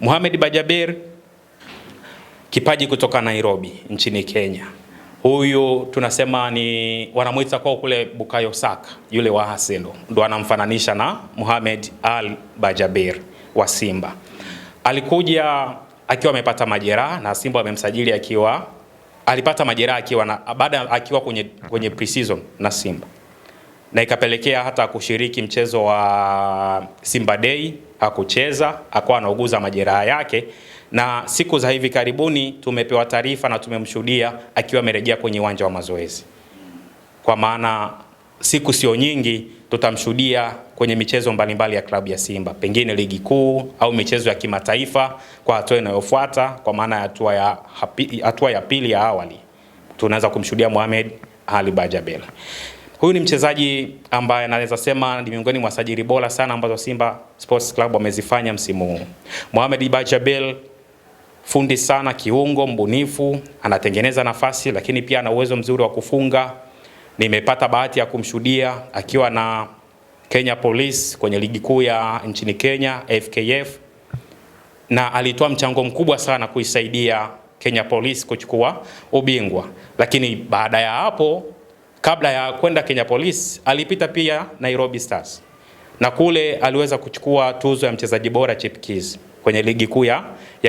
Mohamed Bajaber kipaji kutoka Nairobi nchini Kenya. Huyu tunasema ni wanamwita kwao kule Bukayo Saka, yule wa Arsenal ndo anamfananisha na Mohamed Al Bajaber wa Simba. Alikuja akiwa amepata majeraha na Simba amemsajili akiwa alipata majeraha akiwa na baada akiwa kwenye, kwenye pre-season na Simba na ikapelekea hata kushiriki mchezo wa Simba Day hakucheza, akawa anauguza majeraha yake, na siku za hivi karibuni tumepewa taarifa na tumemshuhudia akiwa amerejea kwenye uwanja wa mazoezi. Kwa maana siku sio nyingi tutamshuhudia kwenye michezo mbalimbali ya klabu ya Simba, pengine ligi kuu au michezo ya kimataifa kwa hatua inayofuata, kwa maana ya hatua ya hatua ya pili ya awali tunaweza kumshuhudia Mohamed Ali Bajabela. Huyu ni mchezaji ambaye naweza sema ni miongoni mwa sajili bora sana ambazo Simba Sports Club wamezifanya msimu huu. Mohamed Bajabel fundi sana, kiungo mbunifu, anatengeneza nafasi, lakini pia ana uwezo mzuri wa kufunga. Nimepata bahati ya kumshuhudia akiwa na Kenya Police kwenye ligi kuu ya nchini Kenya FKF, na alitoa mchango mkubwa sana kuisaidia Kenya Police kuchukua ubingwa, lakini baada ya hapo kabla ya kwenda Kenya Police alipita pia Nairobi Stars na kule aliweza kuchukua tuzo ya mchezaji bora chipkiz kwenye ligi kuu ya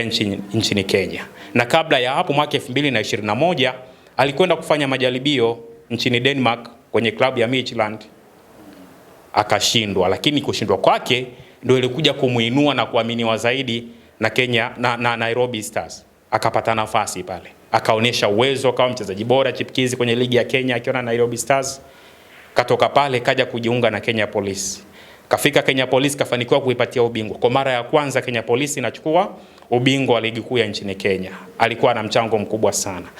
nchini, nchini Kenya. Na kabla ya hapo mwaka 2021 alikwenda kufanya majaribio nchini Denmark kwenye klabu ya Midtjylland akashindwa, lakini kushindwa kwake ndio ilikuja kumuinua na kuaminiwa zaidi na Kenya na, na Nairobi Stars akapata nafasi pale, akaonyesha uwezo, akawa mchezaji bora chipkizi kwenye ligi ya Kenya akiwa na Nairobi Stars. Katoka pale kaja kujiunga na Kenya Police, kafika Kenya Police kafanikiwa kuipatia ubingwa kwa mara ya kwanza. Kenya Police inachukua ubingwa wa ligi kuu ya nchini Kenya. Alikuwa na mchango mkubwa sana.